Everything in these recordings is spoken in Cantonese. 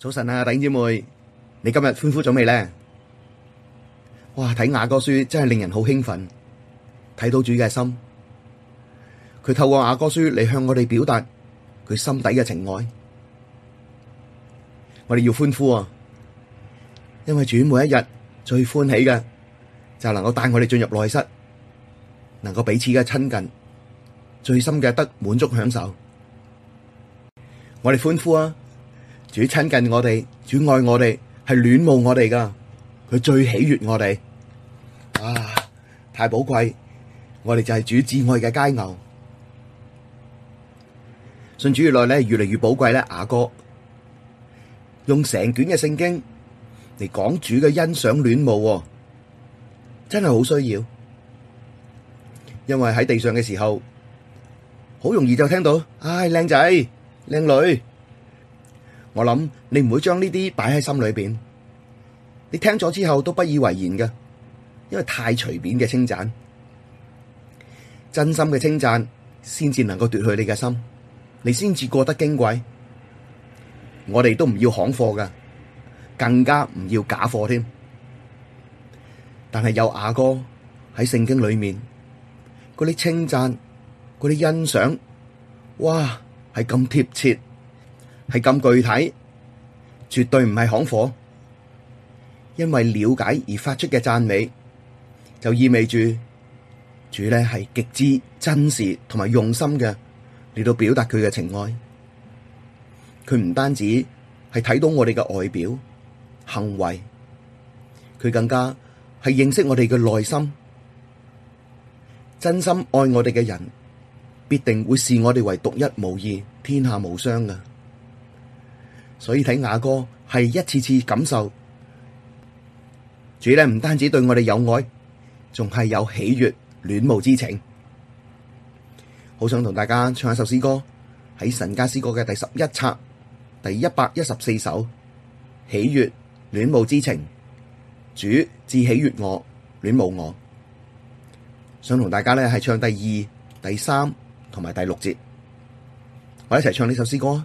早晨啊，弟兄姊妹，你今日歡呼咗未咧？哇，睇雅歌書真係令人好興奮，睇到主嘅心，佢透過雅歌書嚟向我哋表達佢心底嘅情愛，我哋要歡呼啊！因為主每一日最歡喜嘅就能夠帶我哋進入內室，能夠彼此嘅親近，最深嘅得滿足享受，我哋歡呼啊！主親近我哋，主愛我哋，係戀慕我哋噶，佢最喜悅我哋。啊，太寶貴！我哋就係主至愛嘅佳偶。信主越耐咧，越嚟越寶貴咧，雅歌。用成卷嘅聖經嚟講主嘅欣賞、戀慕，真係好需要。因為喺地上嘅時候，好容易就聽到，唉、哎，靚仔，靚女。我諗你唔會將呢啲擺喺心裏邊，你聽咗之後都不以為然嘅。因為太隨便嘅稱讚，真心嘅稱讚先至能夠奪去你嘅心，你先至過得矜貴。我哋都唔要行貨嘅，更加唔要假貨添。但係有雅歌喺聖經裏面嗰啲稱讚、嗰啲欣賞，哇，係咁貼切。係咁具體，絕對唔係行火，因為了解而發出嘅讚美，就意味住主呢係極之真實同埋用心嘅，嚟到表達佢嘅情愛。佢唔單止係睇到我哋嘅外表、行為，佢更加係認識我哋嘅內心，真心愛我哋嘅人必定會視我哋為獨一無二、天下無雙㗎。所以睇雅歌，係一次次感受，主呢唔單止對我哋有愛，仲係有喜悅、戀慕之情。好想同大家唱一首詩歌，喺神家詩歌嘅第十一冊第一百一十四首《喜悅戀慕之情》，主至喜悅我、戀慕我。想同大家呢係唱第二、第三同埋第六節，我一齊唱呢首詩歌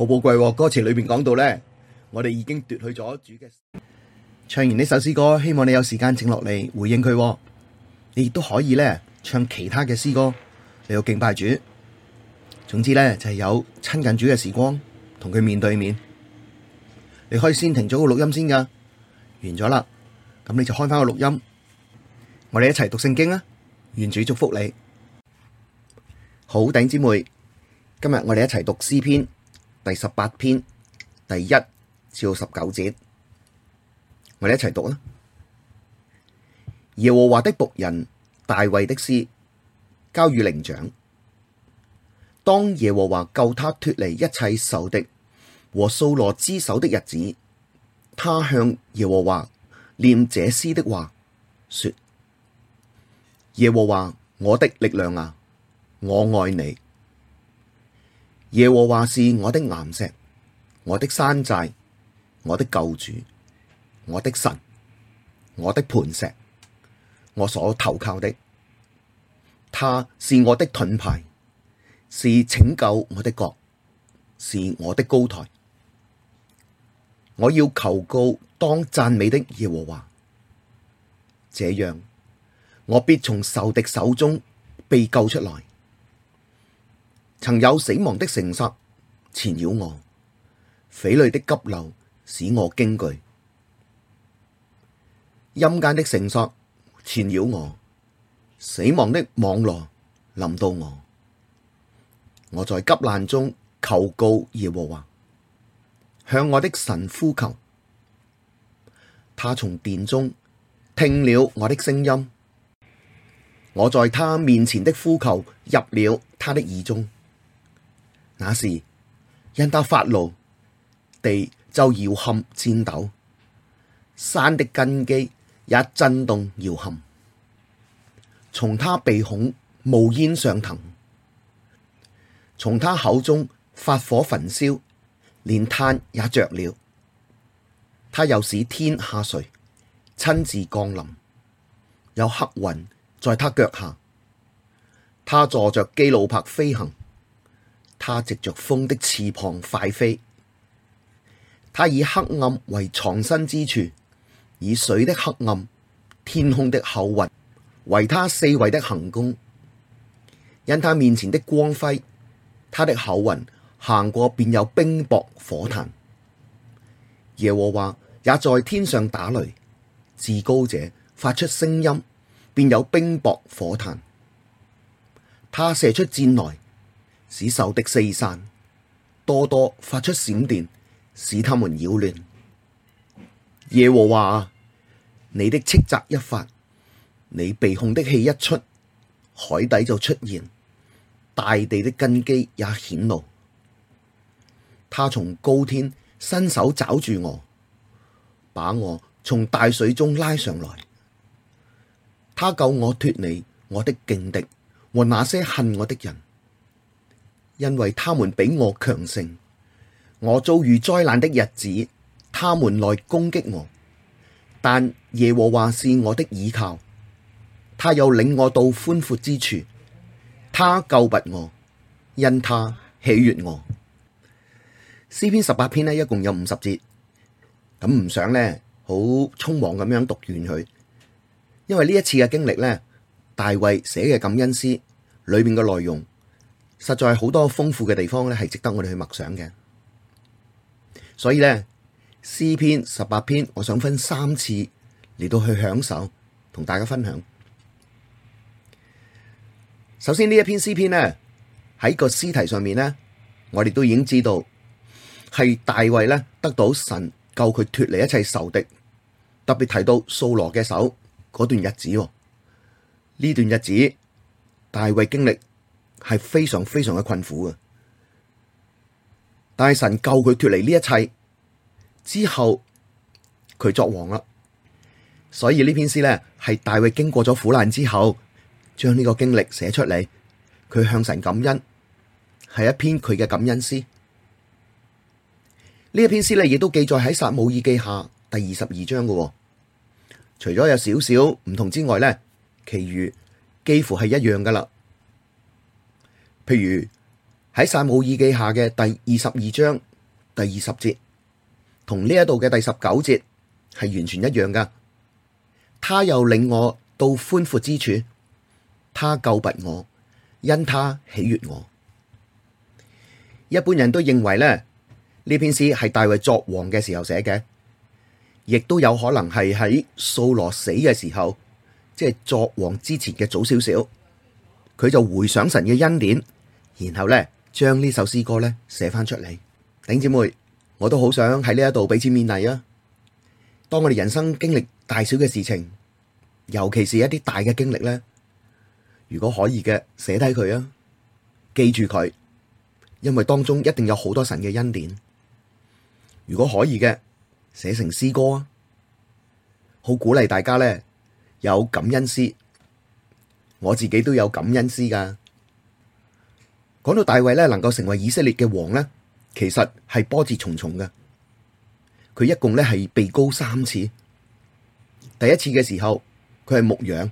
好寶貴，歌詞裏面講到呢，我哋已經奪去咗主嘅。唱完呢首詩歌，希望你有時間靜落嚟回應佢。你亦都可以呢，唱其他嘅詩歌嚟到敬拜主。總之呢，就係有親近主嘅時光，同佢面對面。你可以先停咗個錄音先噶，完咗啦，咁你就開翻個錄音，我哋一齊讀聖經啊！願主祝福你，好頂姐妹，今日我哋一齊讀詩篇。第十八篇第一至十九節，我哋一齊讀啦。耶和華的僕人大衛的詩交與伶長。當耶和華救他脱離一切仇敵和掃羅之手的日子，他向耶和華念這詩的話說：耶和華我的力量啊，我愛你。耶和華是我的岩石，我的山寨，我的救主，我的神，我的磐石，我所投靠的。他是我的盾牌，是拯救我的角，是我的高台。我要求告當讚美的耶和華，這樣我必從仇敵手中被救出來。曾有死亡的繩索纏繞我，匪類的急流使我驚懼，陰間的繩索纏繞我，死亡的網羅臨到我。我在急難中求告耶和華，向我的神呼求，他從殿中聽了我的聲音，我在他面前的呼求入了他的耳中。那時，因他發怒，地就搖撼戰抖，山的根基也震動搖撼。從他鼻孔冒煙上騰，從他口中發火焚燒，連炭也着了。他又使天下垂，親自降臨，有黑雲在他腳下，他坐着基路伯飛行。他藉着風的翅膀快飛，他以黑暗為藏身之處，以水的黑暗、天空的厚雲為他四圍的行宮。因他面前的光輝，他的厚雲行過便有冰雹、火炭。耶和華也在天上打雷，至高者發出聲音，便有冰雹、火炭。他射出箭來。使仇敵四散，多多發出閃電，使他們擾亂。耶和華啊，你的斥責一發，你鼻孔的氣一出，海底就出現，大地的根基也顯露。他從高天伸手抓住我，把我從大水中拉上來。他救我脫離我的勁敵和那些恨我的人，因為他們比我強盛，我遭遇災難的日子，他們來攻擊我，但耶和華是我的倚靠，他又領我到寬闊之處，他救拔我，因他喜悦我。詩篇十八篇呢，一共有五十節，咁唔想呢好匆忙咁樣讀完佢，因為呢一次嘅經歷呢，大衛寫嘅感恩詩裏面嘅內容。實在好多豐富嘅地方咧，係值得我哋去默想嘅。所以咧，詩篇十八篇，我想分三次嚟到去享受，同大家分享。首先呢一篇詩篇呢，喺個詩題上面呢，我哋都已經知道係大衛咧，得到神救佢脫離一切仇敵，特別提到掃羅嘅手嗰段日子。呢段日子，大衛經歷。係非常非常嘅困苦嘅，但係神救佢脫離呢一切之後，佢作王啦。所以呢篇詩咧，係大衛經過咗苦難之後，將呢個經歷寫出嚟，佢向神感恩，係一篇佢嘅感恩詩。呢一篇詩咧，亦都記載喺撒母耳記下第二十二章嘅。除咗有少少唔同之外咧，其餘幾乎係一樣噶啦。譬如喺撒母耳記下嘅第二十二章第二十節，同呢一度嘅第十九節係完全一樣噶他又領我到寬闊之處，他救拔我，因他喜悅我。一般人都認為咧，呢篇詩係大衛作王嘅時候寫嘅，亦都有可能係喺掃羅死嘅時候，即係作王之前嘅早少少，佢就回想神嘅恩典。然後咧，將呢首詩歌咧寫翻出嚟。頂姐妹，我都好想喺呢一度俾啲勉勵啊！當我哋人生經歷大小嘅事情，尤其是一啲大嘅經歷咧，如果可以嘅，寫低佢啊，記住佢，因為當中一定有好多神嘅恩典。如果可以嘅，寫成詩歌啊，好鼓勵大家咧，有感恩詩。我自己都有感恩詩噶。講到大衛咧，能夠成為以色列嘅王咧，其實係波折重重嘅。佢一共咧係被膏三次。第一次嘅時候，佢係牧羊，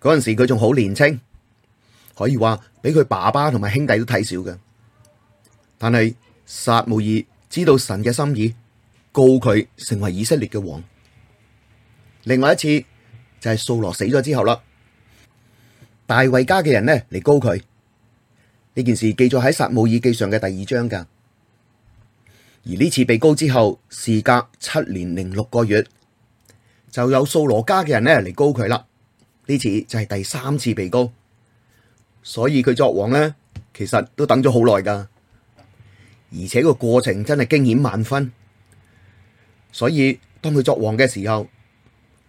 嗰陣時佢仲好年青，可以話俾佢爸爸同埋兄弟都睇少嘅。但係撒母耳知道神嘅心意，膏佢成為以色列嘅王。另外一次就係掃羅死咗之後啦，大衛家嘅人咧嚟膏佢。呢件事記載喺撒母耳記上嘅第二章噶，而呢次被告之後，事隔七年零六個月，就有掃羅家嘅人咧嚟告佢啦。呢次就係第三次被告，所以佢作王呢，其實都等咗好耐噶，而且個過程真係驚險萬分。所以當佢作王嘅時候，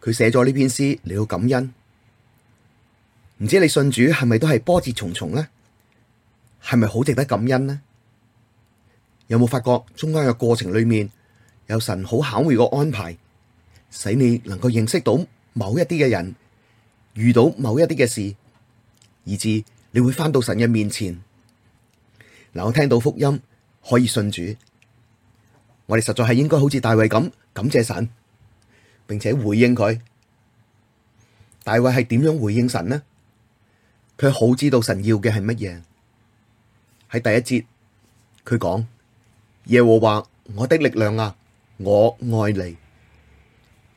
佢寫咗呢篇詩嚟到感恩。唔知你信主係咪都係波折重重呢？係咪好值得感恩呢？有冇發覺中間嘅過程裏面，有神好巧妙嘅安排，使你能夠認識到某一啲嘅人，遇到某一啲嘅事，以至你會翻到神嘅面前，嗱，嗯，我聽到福音可以信主。我哋實在係應該好似大衛咁感謝神，並且回應佢。大衛係點樣回應神呢？佢好知道神要嘅係乜嘢。喺第一節，佢講耶和華，我的力量啊，我愛你。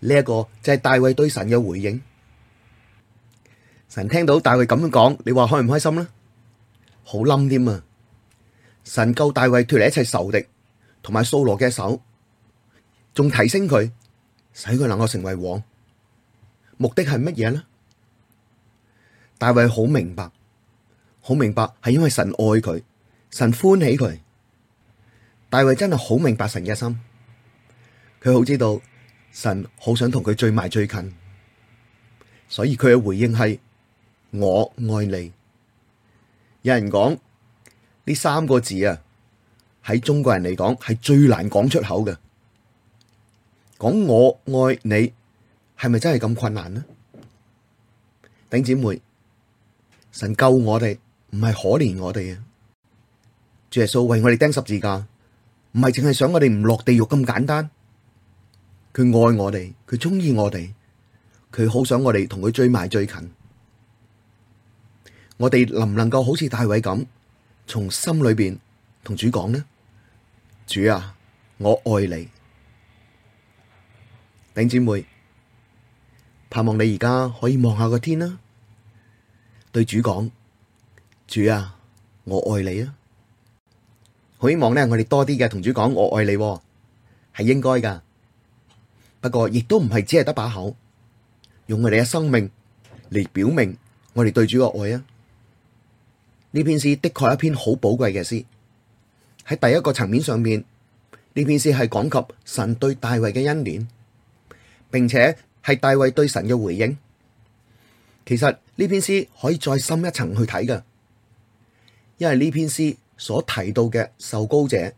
呢、這、一個即係大衛對神嘅回應。神聽到大衛咁樣講，你話開唔開心呢？好冧添啊！神救大衛脫離一切仇敵同埋掃羅嘅手，仲提升佢，使佢能夠成為王。目的係乜嘢呢？大衛好明白，好明白，係因為神愛佢。神歡喜佢，大衛真係好明白神嘅心，佢好知道神好想同佢最埋最近，所以佢嘅回應係我愛你。有人講呢三個字啊，喺中國人嚟講係最難講出口嘅，講我愛你係咪真係咁困難呢？頂姊妹，神救我哋，唔係可憐我哋啊！主耶穌為我哋釘十字架，唔係淨係想我哋唔落地獄咁簡單。佢愛我哋，佢鍾意我哋，佢好想我哋同佢追埋最近。我哋能唔能夠好似大衛咁，從心裏面同主講呢？主啊，我愛你。弟兄姊妹，盼望你而家可以望下個天啦！對主講，主啊，我愛你啊。我希望咧，我哋多啲嘅同主講，我愛你係應該噶。不過亦都唔係只係得把口，用我哋嘅生命嚟表明我哋對主嘅愛啊！呢篇詩的確係一篇好寶貴嘅詩。喺第一個層面上面，呢篇詩係講及神對大衛嘅恩典，並且係大衛對神嘅回應。其實呢篇詩可以再深一層去睇㗎，因為呢篇詩。所提到嘅至高者，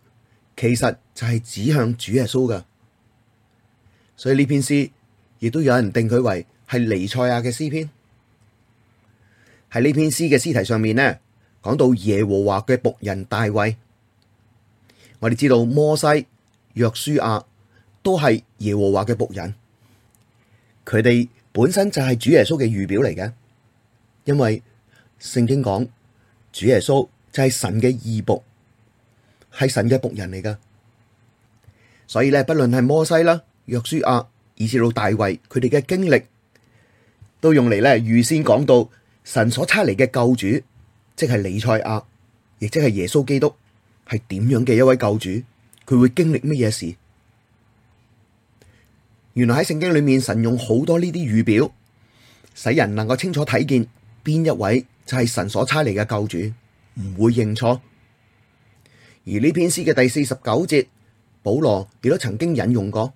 其實就係指向主耶穌㗎。所以呢篇詩亦都有人定佢為係彌賽亞嘅詩篇。喺呢篇詩嘅詩題上面呢，講到耶和華嘅僕人大衛。我哋知道摩西、約書亞都係耶和華嘅僕人，佢哋本身就係主耶穌嘅預表嚟嘅，因為聖經講主耶穌。就係神嘅異僕，係神嘅僕人嚟噶，所以咧，不論係摩西啦、約書亞，以至到大衛，佢哋嘅經歷都用嚟咧預先講到神所差嚟嘅救主，即係尼賽亞，亦即係耶穌基督係點樣嘅一位救主，佢會經歷乜嘢事？原來喺聖經裏面，神用好多呢啲預表，使人能夠清楚睇見邊一位就係神所差嚟嘅救主。唔會認錯，而呢篇詩嘅第四十九節，保羅亦都曾經引用過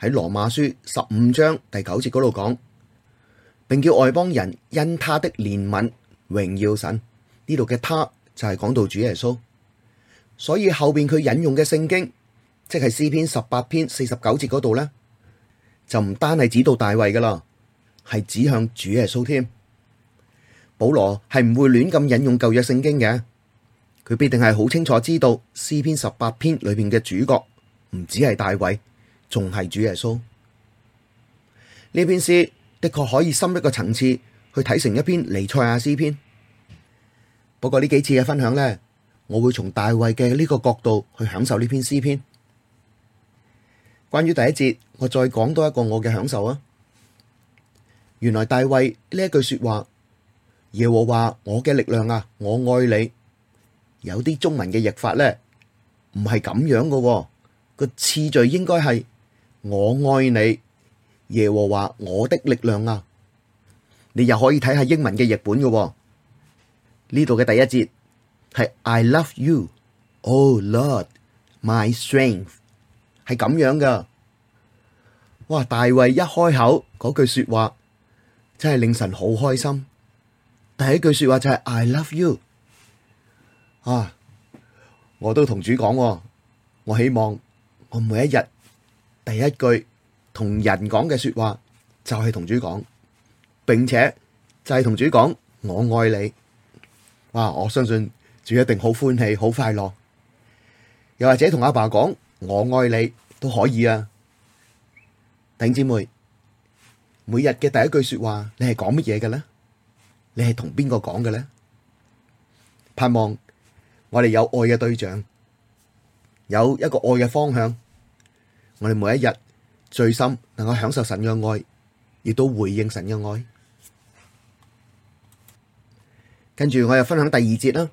喺羅馬書十五章第九節嗰度講，並叫外邦人因他的憐憫榮耀神。呢度嘅他就係講到主耶穌，所以後邊佢引用嘅聖經，即係詩篇十八篇四十九節嗰度呢，就唔單係指到大衛噶啦，係指向主耶穌添。保羅係唔會亂咁引用舊約聖經嘅，佢必定係好清楚知道詩篇十八篇裏面嘅主角唔止係大衛，仲係主耶穌。呢篇詩的確可以深一個層次去睇成一篇彌賽亞詩篇。不過呢幾次嘅分享呢，我會從大衛嘅呢個角度去享受呢篇詩篇。關於第一節，我再講多一個我嘅享受啊！原來大衛呢一句說話。耶和華，我嘅力量啊！我愛你。有啲中文嘅譯法咧，唔係咁樣噶哦，個次序應該係我愛你，耶和華，我的力量啊！你又可以睇下英文嘅譯本噶哦，呢度嘅第一節係 I love you, oh Lord, my strength，係咁樣噶。哇！大衛一開口嗰句說話，真係令神好開心。第一句說話就係 I love you，啊！我都同主講、啊，我希望我每一日第一句同人講嘅說話就係同主講，並且就係同主講我愛你。哇、啊！我相信主一定好歡喜、好快樂。又或者同阿爸講我愛你都可以啊。弟姐妹，每日嘅第一句說話，你係講乜嘢嘅咧？你係同邊個講嘅咧？盼望我哋有愛嘅對象，有一個愛嘅方向。我哋每一日，最深能夠享受神嘅愛，亦都回應神嘅愛。跟住我又分享第二節啦。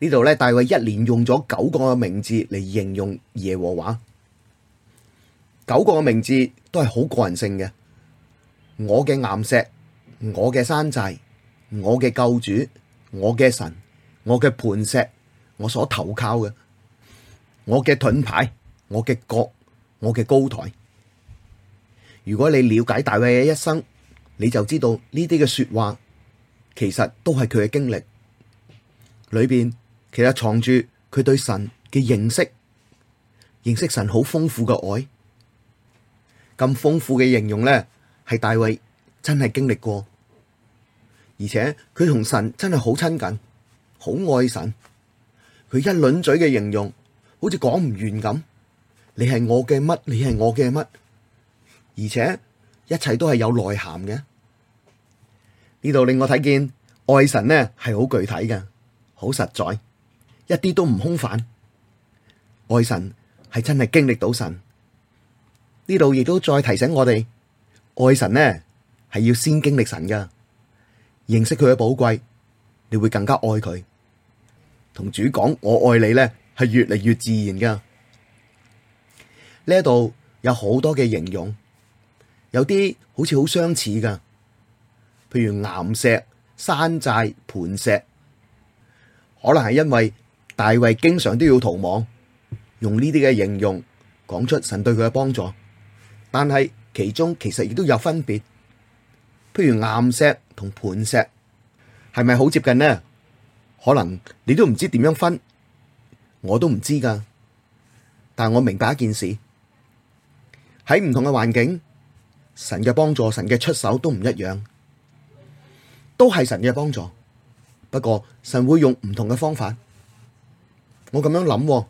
呢度咧，大衛一連用咗九個嘅名字嚟形容耶和華。九個嘅名字都係好個人性嘅。我嘅巖石，我嘅山寨，我嘅救主，我嘅神，我嘅磐石，我所投靠嘅，我嘅盾牌，我嘅角，我嘅高台。如果你了解大衛嘅一生，你就知道呢啲嘅說話，其實都係佢嘅經歷裏邊，其實藏住佢對神嘅認識，認識神好豐富嘅愛，咁豐富嘅形容咧，係大衛。真係經歷過，而且佢同神真係好親近，好愛神。佢一輪嘴嘅形容，好似講唔完咁。你係我嘅乜？你係我嘅乜？而且一切都係有內涵嘅。呢度令我睇見愛神呢係好具體嘅，好實在，一啲都唔空泛。愛神係真係經歷到神。呢度亦都再提醒我哋，愛神呢。係要先經歷神噶，認識佢嘅寶貴，你會更加愛佢。同主講我愛你呢，係越嚟越自然噶。呢度有好多嘅形容，有啲好似好相似噶，譬如巖石、山寨、磐石，可能係因為大衛經常都要逃亡，用呢啲嘅形容講出神對佢嘅幫助，但係其中其實亦都有分別。譬如岩石同磐石係咪好接近呢？可能你都唔知點樣分，我都唔知噶。但我明白一件事：喺唔同嘅環境，神嘅幫助、神嘅出手都唔一樣，都係神嘅幫助。不過神會用唔同嘅方法。我咁樣諗，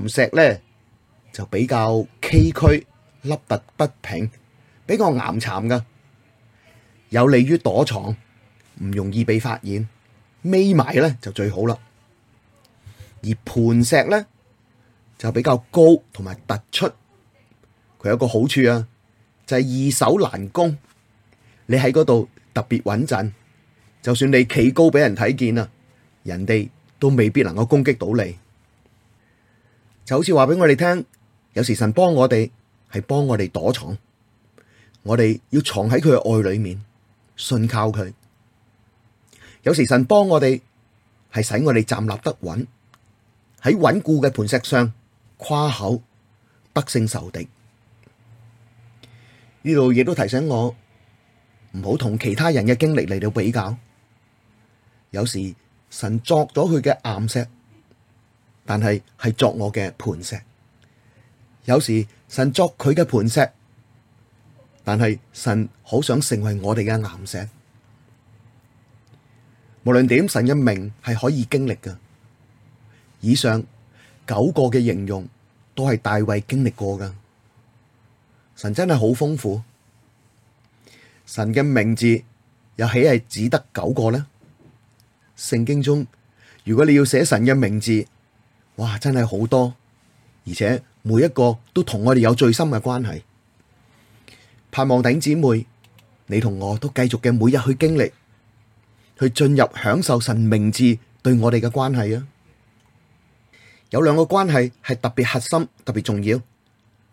岩石咧就比較崎嶇、凹凸不平，比較岩殘噶。有利於躲藏，唔容易被發現，匿埋咧就最好啦。而磐石咧就比較高同埋突出，佢有個好處啊，就係易守難攻。你喺嗰度特別穩陣，就算你企高俾人睇見啊，人哋都未必能夠攻擊到你。就好似話俾我哋聽，有時神幫我哋係幫我哋躲藏，我哋要藏喺佢嘅愛裏面。信靠佢，有時神幫我哋，係使我哋站立得穩，喺穩固嘅磐石上誇口得勝仇敵。呢度亦都提醒我唔好同其他人嘅經歷嚟到比較。有時神作咗佢嘅巖石，但係係作我嘅磐石。有時神作佢嘅磐石。但係神好想成為我哋嘅岩石，無論點，神嘅名係可以經歷㗎。以上九個嘅形容都係大衛經歷過噶。神真係好豐富，神嘅名字又豈係只得九個呢？聖經中如果你要寫神嘅名字，哇真係好多，而且每一個都同我哋有最深嘅關係。盼望頂姊妹，你同我都繼續嘅每日去經歷，去進入享受神名字對我哋嘅關係啊！有兩個關係係特別核心、特別重要，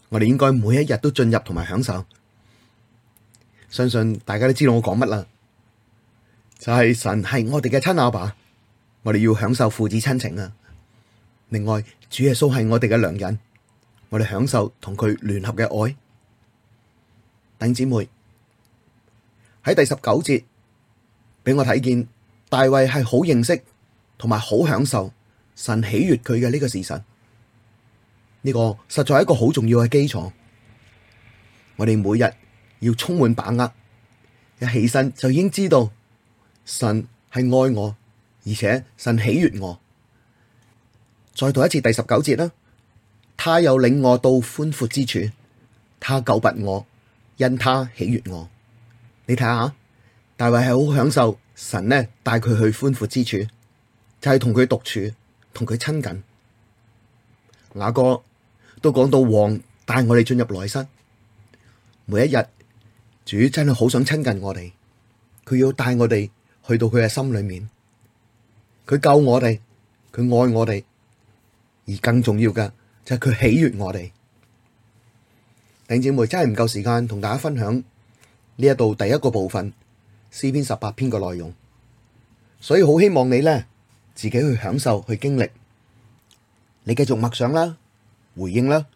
我哋應該每一日都進入同埋享受。相信大家都知道我講乜啦，就係神係我哋嘅親阿爸，我哋要享受父子親情啊！另外，主耶穌係我哋嘅良人，我哋享受同佢聯合嘅愛。等兄姊妹喺第十九節俾我睇見大衛係好認識同埋好享受神喜悦佢嘅呢個時辰，呢、這個實在係一個好重要嘅基礎。我哋每日要充滿把握，一起身就已應知道神係愛我，而且神喜悦我。再讀一次第十九節啦，他又領我到寬闊之處，他救拔我。因他喜悅我，你睇下，大衛係好享受神呢帶佢去寬闊之處，就係同佢獨處，同佢親近。雅哥都講到王帶我哋進入內室，每一日主真係好想親近我哋，佢要帶我哋去到佢嘅心裏面，佢救我哋，佢愛我哋，而更重要嘅就係佢喜悅我哋。弟姐妹真係唔夠時間同大家分享呢一度，第一個部分詩篇十八篇嘅內容，所以好希望你咧自己去享受，去經歷，你繼續默想啦，回應啦，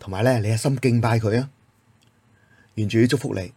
同埋咧你一心敬拜佢啊，願主祝福你。